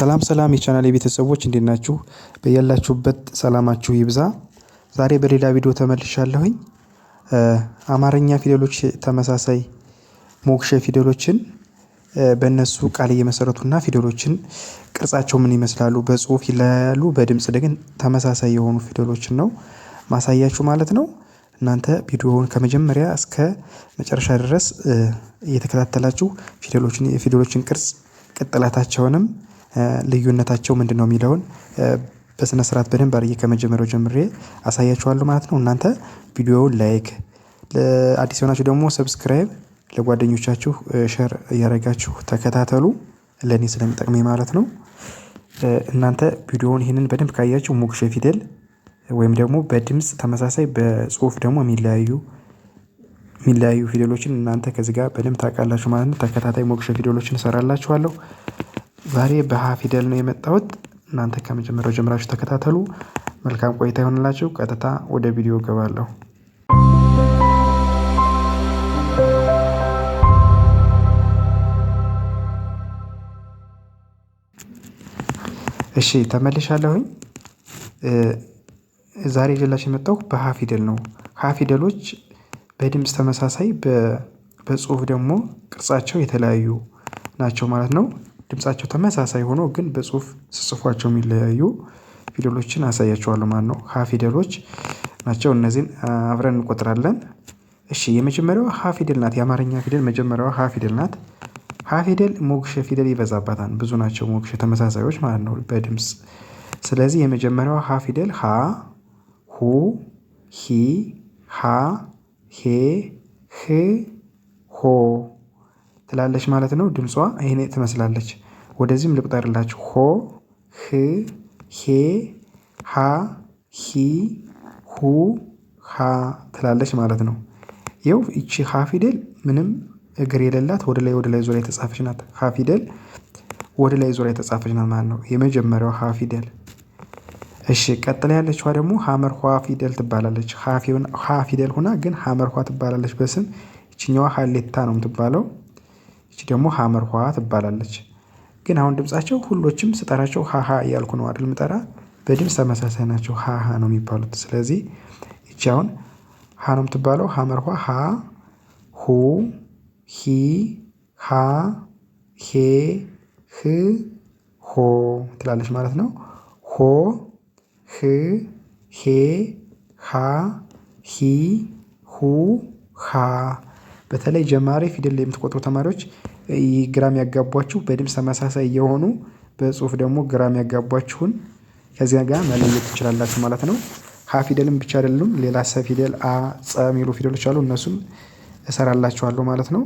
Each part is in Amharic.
ሰላም ሰላም የቻናል የቤተሰቦች እንዴት ናችሁ? በያላችሁበት ሰላማችሁ ይብዛ። ዛሬ በሌላ ቪዲዮ ተመልሻለሁኝ። አማርኛ ፊደሎች ተመሳሳይ ሞክሸ ፊደሎችን በእነሱ ቃል እየመሰረቱና ፊደሎችን ቅርጻቸው ምን ይመስላሉ በጽሁፍ ይለያሉ፣ በድምፅ ደግን ተመሳሳይ የሆኑ ፊደሎችን ነው ማሳያችሁ ማለት ነው። እናንተ ቪዲዮውን ከመጀመሪያ እስከ መጨረሻ ድረስ እየተከታተላችሁ ፊደሎችን ቅርጽ ቅጥላታቸውንም ልዩነታቸው ምንድነው የሚለውን በስነ ስርዓት በደንብ አድርጌ ከመጀመሪያው ጀምሬ አሳያችኋለሁ ማለት ነው። እናንተ ቪዲዮውን ላይክ አዲስ የሆናችሁ ደግሞ ሰብስክራይብ ለጓደኞቻችሁ ሼር እያደረጋችሁ ተከታተሉ ለእኔ ስለሚጠቅመኝ ማለት ነው። እናንተ ቪዲዮውን ይህንን በደንብ ካያችሁ ሞክሼ ፊደል ወይም ደግሞ በድምፅ ተመሳሳይ በጽሁፍ ደግሞ የሚለያዩ የሚለያዩ ፊደሎችን እናንተ ከዚህ ጋር በደንብ ታውቃላችሁ ማለት ነው። ተከታታይ ሞክሼ ፊደሎችን እሰራላችኋለሁ። ዛሬ በሀ ፊደል ነው የመጣሁት። እናንተ ከመጀመሪያው ጀምራችሁ ተከታተሉ። መልካም ቆይታ ይሆንላችሁ። ቀጥታ ወደ ቪዲዮ እገባለሁ። እሺ ተመልሻለሁኝ። ዛሬ ጀላሽ የመጣሁ በሀ ፊደል ነው። ሀ ፊደሎች በድምፅ ተመሳሳይ፣ በጽሁፍ ደግሞ ቅርጻቸው የተለያዩ ናቸው ማለት ነው። ድምፃቸው ተመሳሳይ ሆኖ ግን በጽሁፍ ስጽፏቸው የሚለያዩ ፊደሎችን አሳያቸዋሉ ማለት ነው። ሀ ፊደሎች ናቸው። እነዚህን አብረን እንቆጥራለን። እሺ የመጀመሪያዋ ሀ ፊደል ናት። የአማርኛ ፊደል መጀመሪያዋ ሀ ፊደል ናት። ሀ ፊደል ሞግሸ ፊደል ይበዛባታል። ብዙ ናቸው ሞግሸ ተመሳሳዮች ማለት ነው በድምፅ። ስለዚህ የመጀመሪያዋ ሀ ፊደል ሀ፣ ሁ፣ ሂ፣ ሀ ሄ፣ ህ፣ ሆ ትላለች ማለት ነው። ድምጿ ይህን ትመስላለች። ወደዚህም ልቁጠርላችሁ። ሆ፣ ህ፣ ሄ፣ ሃ፣ ሂ፣ ሁ፣ ሃ ትላለች ማለት ነው። ይው እቺ ሀ ፊደል ምንም እግር የሌላት ወደ ላይ ወደ ላይ ዙሪያ የተጻፈች ናት። ሀ ፊደል ወደ ላይ ዙሪያ የተጻፈች ናት ማለት ነው። የመጀመሪያው ሃ ፊደል እሺ ቀጥላ ያለችዋ ደግሞ ሀመርኳ ኋ ፊደል ትባላለች። ሀ ፊደል ሁና ግን ሀመርኳ ትባላለች በስም። ይችኛዋ ሀሌታ ነው የምትባለው። ይቺ ደግሞ ሀመር ኋ ትባላለች። ግን አሁን ድምጻቸው ሁሎችም ስጠራቸው ሀሀ እያልኩ ነው አይደል ምጠራ በድምፅ ተመሳሳይ ናቸው። ሀሀ ነው የሚባሉት። ስለዚህ ይቺ አሁን ሀ ነው የምትባለው። ሀመር ኋ ሀ ሁ ሂ ሃ ሄ ህ ሆ ትላለች ማለት ነው። ሆ ህ ሄ ሃ ሂ ሁ ሃ በተለይ ጀማሪ ፊደል ላይ የምትቆጥሩ ተማሪዎች ግራም ያጋቧችሁ በድምፅ ተመሳሳይ የሆኑ በጽሁፍ ደግሞ ግራም ያጋቧችሁን ከዚያ ጋር መለየት ትችላላችሁ ማለት ነው። ሀ ፊደልም ብቻ አይደሉም፣ ሌላ ሰ ፊደል፣ አ፣ ጸ የሚሉ ፊደሎች አሉ። እነሱም እሰራላችኋለሁ ማለት ነው።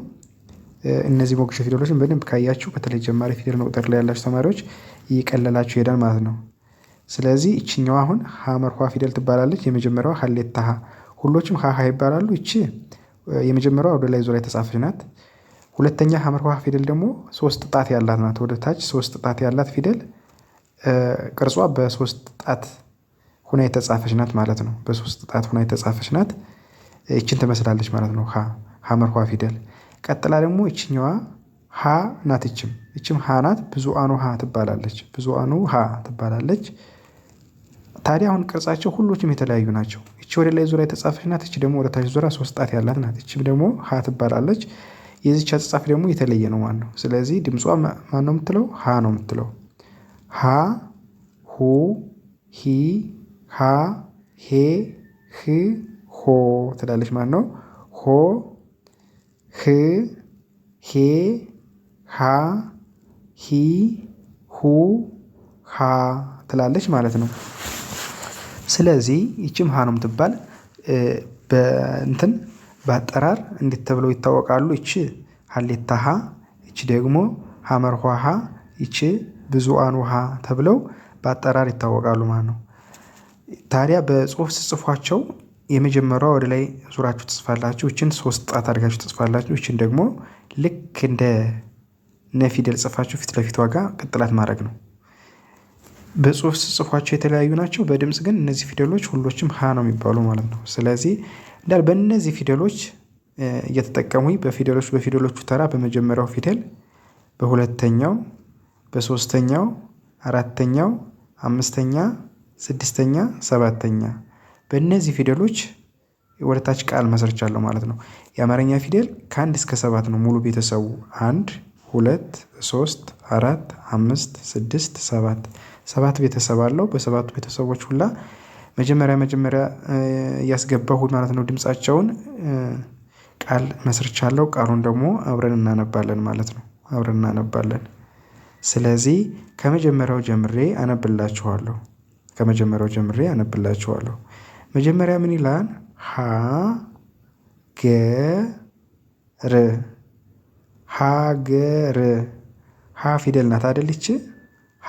እነዚህ ሞግሾ ፊደሎችን በደንብ ካያችሁ በተለይ ጀማሪ ፊደል መቁጠር ላይ ያላችሁ ተማሪዎች እየቀለላችሁ ይሄዳል ማለት ነው። ስለዚህ ይችኛዋ አሁን ሀ መርኳ ፊደል ትባላለች። የመጀመሪያዋ ሀሌታ ሀ፣ ሁሎችም ሀ ሀ ይባላሉ። ይቺ የመጀመሪያው ወደ ላይ ዙራ የተጻፈች ናት። ሁለተኛ ሀመርኋ ፊደል ደግሞ ሶስት ጣት ያላት ናት። ወደ ታች ሶስት ጣት ያላት ፊደል ቅርጿ በሶስት ጣት ሁና የተጻፈች ናት ማለት ነው። በሶስት ጣት ሁና የተጻፈች ናት። ይችን ትመስላለች ማለት ነው። ሀመርኋ ፊደል ቀጥላ ደግሞ ይችኛዋ ሀ ናት። ይችም ይችም ሀ ናት። ብዙ አኑ ሀ ትባላለች። ብዙ አኑ ሀ ትባላለች። ታዲያ አሁን ቅርጻቸው ሁሎችም የተለያዩ ናቸው። እቺ ወደ ላይ ዙራ የተጻፈች ናት። እቺ ደግሞ ወደታች ዙሪያ ዙራ ሶስት ጣት ያላት ናት። እቺም ደግሞ ሀ ትባላለች። የዚች አጻጻፍ ደግሞ የተለየ ነው ማን ነው። ስለዚህ ድምጿ ማን ነው የምትለው? ሀ ነው የምትለው። ሀ ሁ ሂ ሃ ሄ ህ ሆ ትላለች ማለት ነው። ሆ ህ ሄ ሃ ሂ ሁ ሃ ትላለች ማለት ነው። ስለዚህ ይችም ሀ ነው የምትባል በእንትን በአጠራር እንዴት ተብለው ይታወቃሉ? ይች ሀሌታ ሀ፣ ይች ደግሞ ሀመርኋ ሀ፣ ይች ብዙአን ውሃ ተብለው በአጠራር ይታወቃሉ ማለት ነው። ታዲያ በጽሁፍ ስጽፏቸው የመጀመሪያ ወደ ላይ ዙራችሁ ትጽፋላችሁ። ይችን ሶስት ጣት አድርጋችሁ ትጽፋላችሁ። ይችን ደግሞ ልክ እንደ ነፊደል ጽፋችሁ ፊት ለፊት ዋጋ ቅጥላት ማድረግ ነው። በጽሁፍ ስጽፏቸው የተለያዩ ናቸው። በድምፅ ግን እነዚህ ፊደሎች ሁሎችም ሀ ነው የሚባሉ ማለት ነው። ስለዚህ እንዳል በእነዚህ ፊደሎች እየተጠቀሙ በፊደሎች በፊደሎቹ ተራ በመጀመሪያው ፊደል፣ በሁለተኛው፣ በሶስተኛው፣ አራተኛው፣ አምስተኛ፣ ስድስተኛ፣ ሰባተኛ በእነዚህ ፊደሎች ወደታች ቃል መስርቻለሁ ማለት ነው። የአማርኛ ፊደል ከአንድ እስከ ሰባት ነው ሙሉ ቤተሰቡ አንድ ሁለት ሶስት አራት አምስት ስድስት ሰባት ሰባት ቤተሰብ አለው። በሰባቱ ቤተሰቦች ሁላ መጀመሪያ መጀመሪያ እያስገባሁ ማለት ነው ድምፃቸውን ቃል መስርቻለሁ። ቃሉን ደግሞ አብረን እናነባለን ማለት ነው። አብረን እናነባለን። ስለዚህ ከመጀመሪያው ጀምሬ አነብላችኋለሁ። ከመጀመሪያው ጀምሬ አነብላችኋለሁ። መጀመሪያ ምን ይላል? ሀ ገ ር ሀገር ሀ ፊደል ናት አደልች?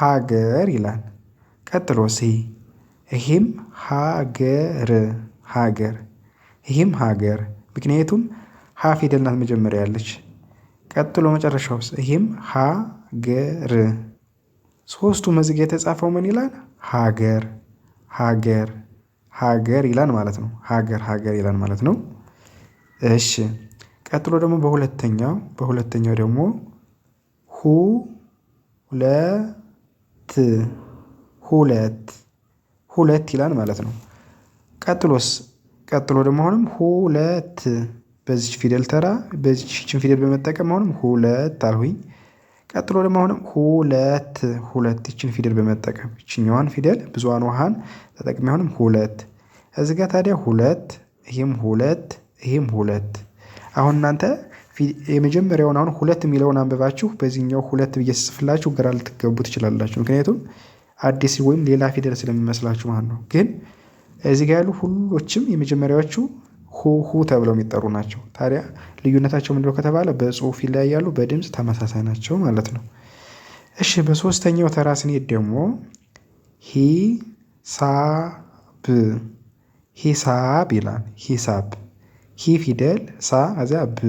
ሀገር ይላል። ቀጥሎ ሲ ይሄም ሀገር ሀገር ይህም ሀገር ምክንያቱም ሀ ፊደል ናት መጀመሪያ ያለች። ቀጥሎ መጨረሻው ይህም ሀገር ሶስቱ መዝግ የተጻፈው ምን ይላል? ሀገር ሀገር ሀገር ይላል ማለት ነው። ሀገር ሀገር ይላል ማለት ነው። እሺ ቀጥሎ ደግሞ በሁለተኛው በሁለተኛው ደግሞ ሁ ለ ሁለት ሁለት ይላል ማለት ነው። ቀጥሎስ ቀጥሎ ደግሞ አሁንም ሁለት በዚች ፊደል ተራ በዚችን ፊደል በመጠቀም አሁንም ሁለት አልሁኝ። ቀጥሎ ደግሞ አሁንም ሁለት ሁለት ይችን ፊደል በመጠቀም ይችኛዋን ፊደል ብዙን ውሃን ተጠቅሜ አሁንም ሁለት እዚህ ጋር ታዲያ ሁለት ይህም ሁለት ይህም ሁለት አሁን እናንተ የመጀመሪያውን አሁን ሁለት የሚለውን አንብባችሁ በዚህኛው ሁለት ብዬ ስጽፍላችሁ ግራ ልትገቡ ትችላላችሁ። ምክንያቱም አዲስ ወይም ሌላ ፊደል ስለሚመስላችሁ ማለት ነው። ግን እዚህ ጋር ያሉ ሁሎችም የመጀመሪያዎቹ ሁሁ ተብለው የሚጠሩ ናቸው። ታዲያ ልዩነታቸው ምንድነው ከተባለ በጽሁፍ ይለያያሉ፣ በድምፅ ተመሳሳይ ናቸው ማለት ነው። እሺ በሶስተኛው ተራ ስንሄድ ደግሞ ሂሳብ ሂሳብ ይላል። ሂሳብ ሂ ፊደል ሳ እዚያ ብ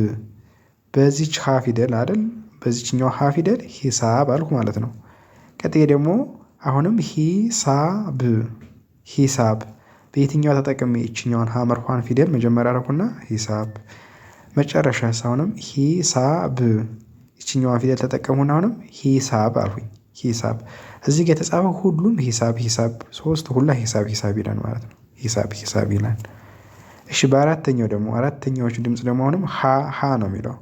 በዚች ሀ ፊደል አይደል በዚችኛው ሀ ፊደል ሂሳብ አልኩ ማለት ነው። ቀጥዬ ደግሞ አሁንም ሂሳብ ሂሳብ በየትኛው ተጠቅሜ ይችኛዋን ሀመርኳን ፊደል መጀመሪያ አደረኩና ሂሳብ መጨረሻ አሁንም ሂሳብ ይችኛዋን ፊደል ተጠቀሙና አሁንም ሂሳብ አልኩኝ ሂሳብ እዚህ ጋር የተጻፈው ሁሉም ሂሳብ ሂሳብ ሶስት ሁላ ሂሳብ ሂሳብ ይላል ማለት ነው። ሂሳብ ሂሳብ ይላል። እሺ በአራተኛው ደግሞ አራተኛዎቹ ድምፅ ደግሞ አሁንም ሀ ሀ ነው የሚለው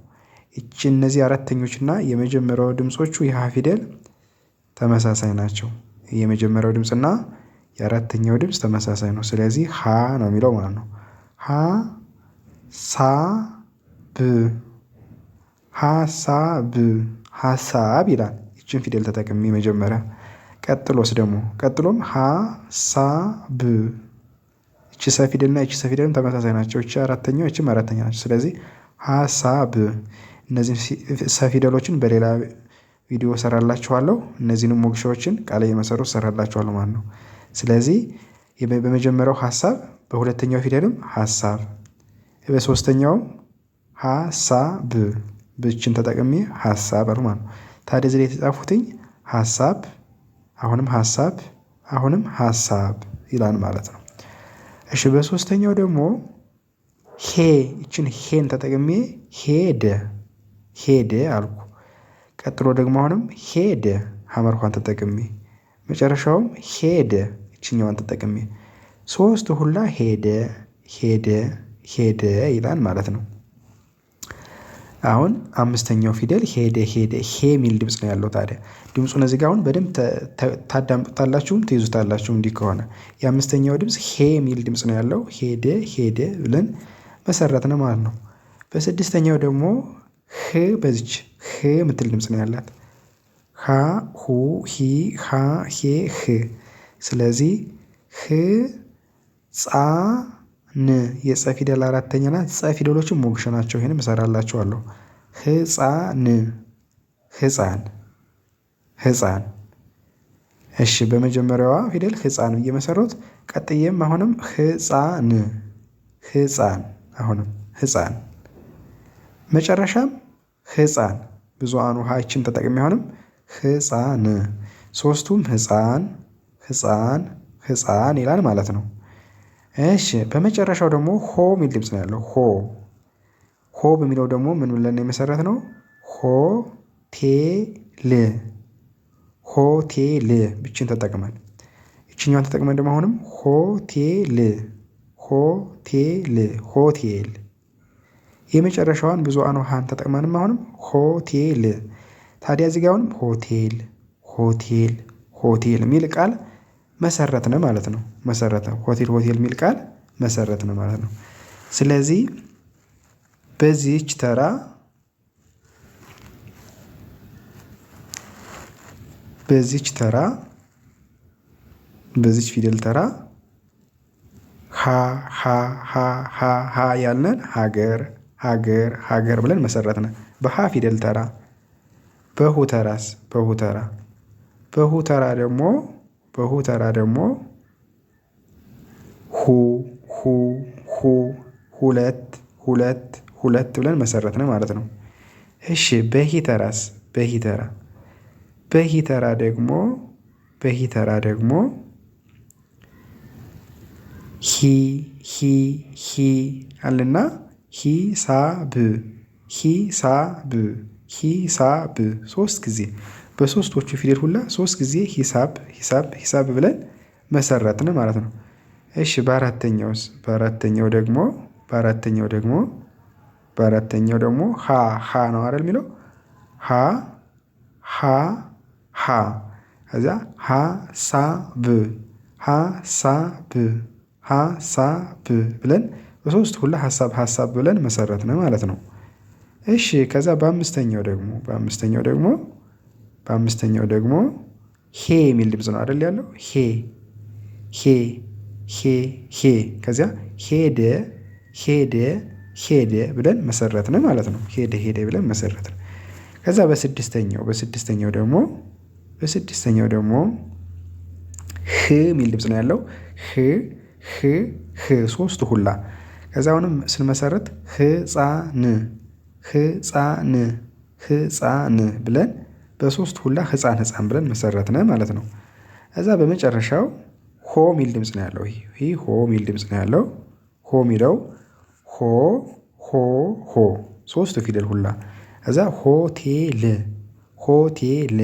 እቺ እነዚህ አራተኞችና የመጀመሪያው ድምጾቹ የሀ ፊደል ተመሳሳይ ናቸው። የመጀመሪያው ድምፅና የአራተኛው ድምጽ ተመሳሳይ ነው። ስለዚህ ሀ ነው የሚለው ማለት ነው። ሀ ሳ ብ ሀሳብ ሀሳብ ይላል። ይችን ፊደል ተጠቅሚ መጀመሪያ ቀጥሎስ ደግሞ ቀጥሎም ሀሳብ እቺ ሰ እች እቺ ተመሳሳይ ናቸው። እች አራተኛው እችም አራተኛ ናቸው። ስለዚህ ሀሳብ እነዚህ ሰ ፊደሎችን በሌላ ቪዲዮ ሰራላችኋለሁ። እነዚህንም ሞግሻዎችን ቃል እየመሰሩ ሰራላችኋለሁ ማለት ነው። ስለዚህ በመጀመሪያው ሀሳብ፣ በሁለተኛው ፊደልም ሀሳብ፣ በሶስተኛውም ሀሳብ ብችን ተጠቅሜ ሀሳብ አሉ ማለት ነው። ታዲያ እዚህ ላይ የተጻፉትኝ ሀሳብ፣ አሁንም ሀሳብ፣ አሁንም ሀሳብ ይላል ማለት ነው። እሺ በሶስተኛው ደግሞ ሄ ይችን ሄን ተጠቅሜ ሄደ ሄደ አልኩ። ቀጥሎ ደግሞ አሁንም ሄደ ሀመርኳን ተጠቅሜ መጨረሻውም ሄደ ይችኛዋን ተጠቅሜ ሶስት ሁላ ሄደ ሄደ ሄደ ይላል ማለት ነው። አሁን አምስተኛው ፊደል ሄደ ሄደ ሄ የሚል ድምፅ ነው ያለው። ታዲያ ድምፁ እዚህ ጋር አሁን በደንብ ታዳምጡታላችሁም ትይዙታላችሁ። እንዲህ ከሆነ የአምስተኛው ድምፅ ሄ የሚል ድምጽ ነው ያለው። ሄደ ሄደ ብለን መሰረት ነው ማለት ነው። በስድስተኛው ደግሞ ህ በዚች ህ የምትል ድምጽ ነው ያላት። ሀ ሁ ሂ ሀ ሄ ህ። ስለዚህ ህ ጻ ን የጸ ፊደል አራተኛ ናት። ጸ ፊደሎችም ሞግሽ ናቸው። ይህንም እሰራላችኋለሁ። ህፃን ህፃን ህፃን። እሺ በመጀመሪያዋ ፊደል ህፃን ብዬ መሰረት። ቀጥዬም አሁንም ህፃን ህፃን አሁንም ህፃን መጨረሻም ህፃን ብዙሃን ሀችን ተጠቅሜ አሁንም ህፃን ሶስቱም ህፃን ህፃን ህፃን ይላል ማለት ነው። እሺ በመጨረሻው ደግሞ ሆ የሚል ድምጽ ነው ያለው ሆ ሆ በሚለው ደግሞ ምን ብለን የመሰረት ነው? ሆቴል ሆቴል ብችን ተጠቅመን ይችኛዋን ተጠቅመን ደግሞ አሁንም ሆቴል ሆቴል ሆቴል የመጨረሻዋን ብዙሃን ውሃን ተጠቅመንም አሁንም ሆቴል ታዲያ እዚህ ጋር አሁንም ሆቴል ሆቴል ሆቴል የሚል ቃል መሰረትን ማለት ነው። መሰረተ ሆቴል ሆቴል የሚል ቃል መሰረትን ማለት ነው። ስለዚህ በዚህች ተራ በዚች ተራ በዚች ፊደል ተራ ሀ ሀ ሀ ሀ ሀ ያልነን ሀገር ሀገር ሀገር ብለን መሰረትነ። በሀ ፊደል ተራ በሁ ተራስ በሁ ተራ በሁ ተራ ደግሞ በሁ ተራ ደግሞ ሁ ሁ ሁ ሁለት ሁለት ሁለት ብለን መሰረትነ ማለት ነው። እሺ በሂ ተራስ በሂ ተራ በሂ ተራ ደግሞ በሂ ተራ ደግሞ ሂ ሂ ሂ አለና ሂሳብ ሂሳብ ሂሳብ ሶስት ጊዜ በሶስቶቹ ፊደል ሁላ ሶስት ጊዜ ሂሳብ ሂሳብ ሂሳብ ብለን መሰረትን ማለት ነው። እሺ በአራተኛውስ በአራተኛው ደግሞ በአራተኛው ደግሞ በአራተኛው ደግሞ ሀ ሀ ነው አይደል የሚለው ሀ ሀ ሀ ከዚያ ሀ ሀ ሳ ሳ ብ ብ ሀ ሳ ብ ብለን በሶስት ሁላ ሀሳብ ሀሳብ ብለን መሰረትን ማለት ነው። እሺ ከዛ በአምስተኛው ደግሞ በአምስተኛው ደግሞ በአምስተኛው ደግሞ ሄ የሚል ድምፅ ነው አደል ያለው ሄ ሄ ሄ ሄ ከዚያ ሄደ ሄደ ሄደ ብለን መሰረትን ማለት ነው። ሄደ ሄደ ብለን መሰረትን። ከዛ በስድስተኛው በስድስተኛው ደግሞ በስድስተኛው ደግሞ ህ የሚል ድምፅ ነው ያለው ህ ህ ህ ሶስት ሁላ ከዚ አሁንም ስንመሰረት ህፃን ህፃን ህፃን ብለን በሶስት ሁላ ህፃን ህፃን ብለን መሰረትነ ማለት ነው። እዛ በመጨረሻው ሆ ሚል ድምፅ ነው ያለው ይሄ ሆ ሚል ድምፅ ነው ያለው ሆ ሚለው ሆ ሆ ሆ ሶስቱ ፊደል ሁላ እዛ ሆቴል ሆቴል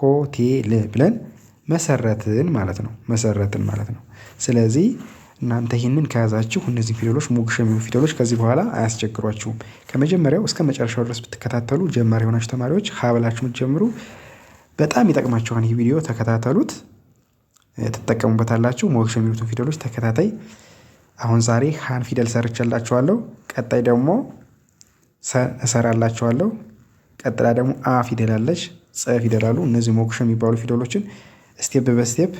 ሆቴል ብለን መሰረትን ማለት ነው መሰረትን ማለት ነው። ስለዚህ እናንተ ይህንን ከያዛችሁ እነዚህ ፊደሎች ሞግሽ የሚሆኑ ፊደሎች ከዚህ በኋላ አያስቸግሯችሁም። ከመጀመሪያው እስከ መጨረሻው ድረስ ብትከታተሉ ጀማሪ የሆናችሁ ተማሪዎች ሀበላችሁ ምትጀምሩ በጣም ይጠቅማችኋል። ይህ ቪዲዮ ተከታተሉት፣ ትጠቀሙበታላችሁ። ሞግሽ የሚሉትን ፊደሎች ተከታታይ አሁን ዛሬ ሀን ፊደል ሰርቻላችኋለሁ። ቀጣይ ደግሞ እሰራላችኋለሁ። ቀጥላ ደግሞ አ ፊደል አለች፣ ጸ ፊደል አሉ። እነዚህ ሞግሽ የሚባሉ ፊደሎችን ስቴፕ በስቴፕ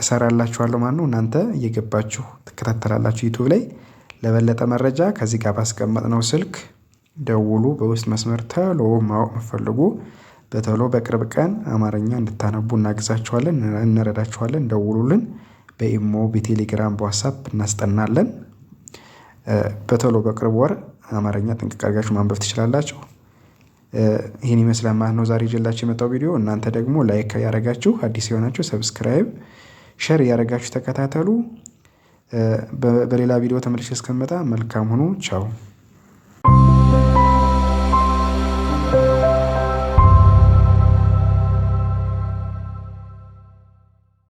እሰራላችኋለሁ ማለት ነው። እናንተ እየገባችሁ ትከታተላላችሁ ዩቱብ ላይ። ለበለጠ መረጃ ከዚህ ጋር ባስቀመጥነው ስልክ ደውሉ። በውስጥ መስመር ተሎ ማወቅ የምትፈልጉ በተሎ በቅርብ ቀን አማርኛ እንድታነቡ እናግዛችኋለን፣ እንረዳችኋለን። ደውሉልን። በኢሞ፣ በቴሌግራም፣ በዋትሳፕ እናስጠናለን። በተሎ በቅርብ ወር አማርኛ ጥንቅቅ አድርጋችሁ ማንበብ ትችላላችሁ። ይህን ይመስላል ማለት ነው ዛሬ ይዤላችሁ የመጣው ቪዲዮ። እናንተ ደግሞ ላይክ ያደረጋችሁ አዲስ የሆናችሁ ሰብስክራይብ፣ ሸር ያደረጋችሁ ተከታተሉ። በሌላ ቪዲዮ ተመልሼ እስከምመጣ መልካም ሁኑ። ቻው